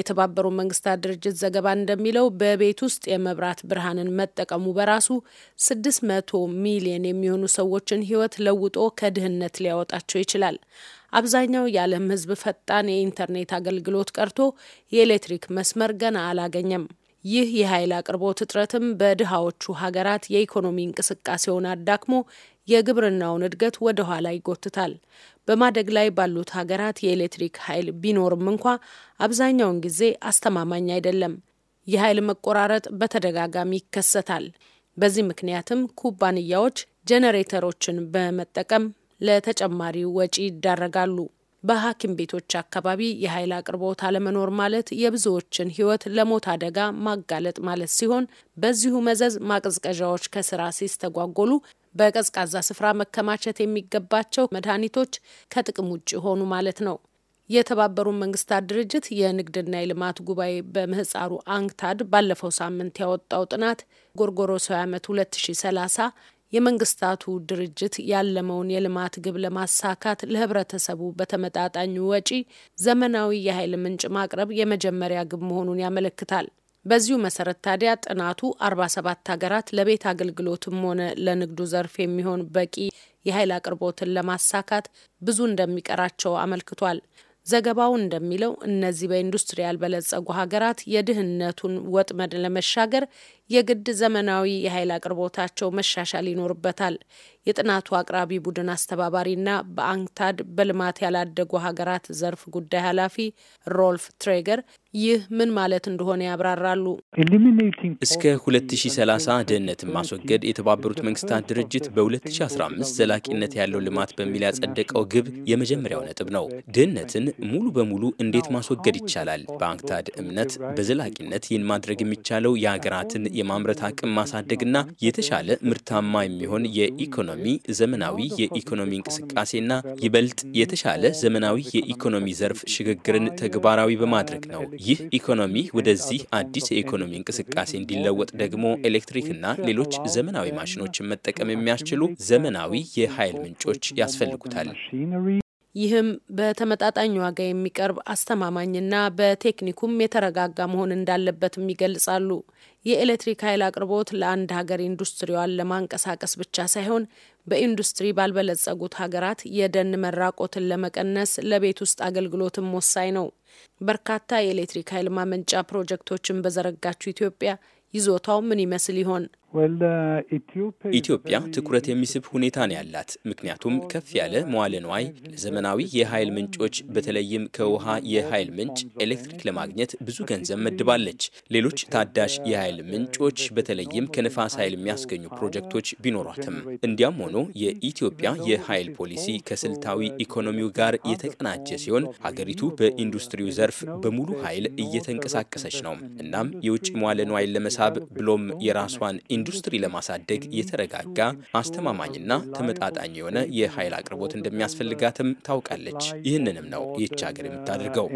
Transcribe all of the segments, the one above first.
የተባበሩ መንግስታት ድርጅት ዘገባ እንደሚለው በቤት ውስጥ የመብራት ብርሃንን መጠቀሙ በራሱ 600 ሚሊዮን የሚሆኑ ሰዎችን ሕይወት ለውጦ ከድህነት ሊያወጣቸው ይችላል። አብዛኛው የዓለም ህዝብ ፈጣን የኢንተርኔት አገልግሎት ቀርቶ የኤሌክትሪክ መስመር ገና አላገኘም። ይህ የኃይል አቅርቦት እጥረትም በድሃዎቹ ሀገራት የኢኮኖሚ እንቅስቃሴውን አዳክሞ የግብርናውን እድገት ወደ ኋላ ይጎትታል። በማደግ ላይ ባሉት ሀገራት የኤሌክትሪክ ኃይል ቢኖርም እንኳ አብዛኛውን ጊዜ አስተማማኝ አይደለም። የኃይል መቆራረጥ በተደጋጋሚ ይከሰታል። በዚህ ምክንያትም ኩባንያዎች ጄኔሬተሮችን በመጠቀም ለተጨማሪ ወጪ ይዳረጋሉ። በሐኪም ቤቶች አካባቢ የኃይል አቅርቦት አለመኖር ማለት የብዙዎችን ሕይወት ለሞት አደጋ ማጋለጥ ማለት ሲሆን በዚሁ መዘዝ ማቀዝቀዣዎች ከስራ ሲስተጓጎሉ በቀዝቃዛ ስፍራ መከማቸት የሚገባቸው መድኃኒቶች ከጥቅም ውጭ ሆኑ ማለት ነው። የተባበሩት መንግስታት ድርጅት የንግድና የልማት ጉባኤ በምህፃሩ አንግታድ ባለፈው ሳምንት ያወጣው ጥናት ጎርጎሮሳዊ ዓመት 2030 የመንግስታቱ ድርጅት ያለመውን የልማት ግብ ለማሳካት ለህብረተሰቡ በተመጣጣኝ ወጪ ዘመናዊ የኃይል ምንጭ ማቅረብ የመጀመሪያ ግብ መሆኑን ያመለክታል። በዚሁ መሰረት ታዲያ ጥናቱ 47 ሀገራት ለቤት አገልግሎትም ሆነ ለንግዱ ዘርፍ የሚሆን በቂ የኃይል አቅርቦትን ለማሳካት ብዙ እንደሚቀራቸው አመልክቷል። ዘገባው እንደሚለው እነዚህ በኢንዱስትሪ ያልበለጸጉ ሀገራት የድህነቱን ወጥመድ ለመሻገር የግድ ዘመናዊ የኃይል አቅርቦታቸው መሻሻል ይኖርበታል። የጥናቱ አቅራቢ ቡድን አስተባባሪና በአንክታድ በልማት ያላደጉ ሀገራት ዘርፍ ጉዳይ ኃላፊ ሮልፍ ትሬገር ይህ ምን ማለት እንደሆነ ያብራራሉ። እስከ 2030 ድህነትን ማስወገድ የተባበሩት መንግስታት ድርጅት በ2015 ዘላቂነት ያለው ልማት በሚል ያጸደቀው ግብ የመጀመሪያው ነጥብ ነው። ድህነትን ሙሉ በሙሉ እንዴት ማስወገድ ይቻላል? በአንክታድ እምነት በዘላቂነት ይህን ማድረግ የሚቻለው የሀገራትን የማምረት አቅም ማሳደግና የተሻለ ምርታማ የሚሆን የኢኮኖሚ ዘመናዊ የኢኮኖሚ እንቅስቃሴና ይበልጥ የተሻለ ዘመናዊ የኢኮኖሚ ዘርፍ ሽግግርን ተግባራዊ በማድረግ ነው። ይህ ኢኮኖሚ ወደዚህ አዲስ የኢኮኖሚ እንቅስቃሴ እንዲለወጥ ደግሞ ኤሌክትሪክና ሌሎች ዘመናዊ ማሽኖችን መጠቀም የሚያስችሉ ዘመናዊ የኃይል ምንጮች ያስፈልጉታል። ይህም በተመጣጣኝ ዋጋ የሚቀርብ አስተማማኝና በቴክኒኩም የተረጋጋ መሆን እንዳለበትም ይገልጻሉ። የኤሌክትሪክ ኃይል አቅርቦት ለአንድ ሀገር ኢንዱስትሪዋን ለማንቀሳቀስ ብቻ ሳይሆን በኢንዱስትሪ ባልበለጸጉት ሀገራት የደን መራቆትን ለመቀነስ ለቤት ውስጥ አገልግሎትም ወሳኝ ነው። በርካታ የኤሌክትሪክ ኃይል ማመንጫ ፕሮጀክቶችን በዘረጋችው ኢትዮጵያ ይዞታው ምን ይመስል ይሆን? Uh, ኢትዮጵያ ትኩረት የሚስብ ሁኔታ ነው ያላት። ምክንያቱም ከፍ ያለ መዋለ ንዋይ ለዘመናዊ የኃይል ምንጮች በተለይም ከውሃ የኃይል ምንጭ ኤሌክትሪክ ለማግኘት ብዙ ገንዘብ መድባለች። ሌሎች ታዳሽ የኃይል ምንጮች በተለይም ከነፋስ ኃይል የሚያስገኙ ፕሮጀክቶች ቢኖሯትም፣ እንዲያም ሆኖ የኢትዮጵያ የኃይል ፖሊሲ ከስልታዊ ኢኮኖሚው ጋር የተቀናጀ ሲሆን ሀገሪቱ በኢንዱስትሪው ዘርፍ በሙሉ ኃይል እየተንቀሳቀሰች ነው። እናም የውጭ መዋለ ንዋይን ለመሳብ ብሎም የራሷን ኢንዱስትሪ ለማሳደግ የተረጋጋ አስተማማኝና ተመጣጣኝ የሆነ የኃይል አቅርቦት እንደሚያስፈልጋትም ታውቃለች። ይህንንም ነው ይህች ሀገር የምታደርገው።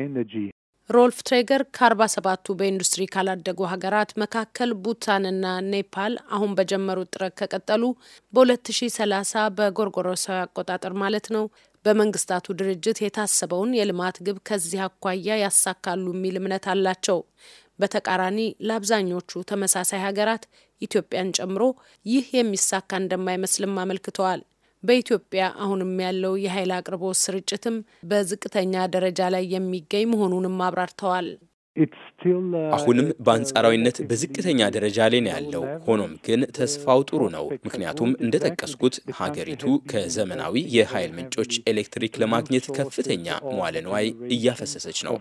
ሮልፍ ትሬገር ከ47ቱ በኢንዱስትሪ ካላደጉ ሀገራት መካከል ቡታንና ኔፓል አሁን በጀመሩት ጥረት ከቀጠሉ በ2030 በጎርጎሮሳዊ አቆጣጠር ማለት ነው በመንግስታቱ ድርጅት የታሰበውን የልማት ግብ ከዚህ አኳያ ያሳካሉ የሚል እምነት አላቸው። በተቃራኒ ለአብዛኞቹ ተመሳሳይ ሀገራት ኢትዮጵያን ጨምሮ ይህ የሚሳካ እንደማይመስልም አመልክተዋል። በኢትዮጵያ አሁንም ያለው የኃይል አቅርቦት ስርጭትም በዝቅተኛ ደረጃ ላይ የሚገኝ መሆኑንም አብራርተዋል። Uh, አሁንም uh, በአንጻራዊነት በዝቅተኛ ደረጃ ላይ ነው ያለው። ሆኖም ግን ተስፋው ጥሩ ነው። ምክንያቱም እንደጠቀስኩት ሀገሪቱ ከዘመናዊ የኃይል ምንጮች ኤሌክትሪክ ለማግኘት ከፍተኛ መዋለ ንዋይ እያፈሰሰች ነው።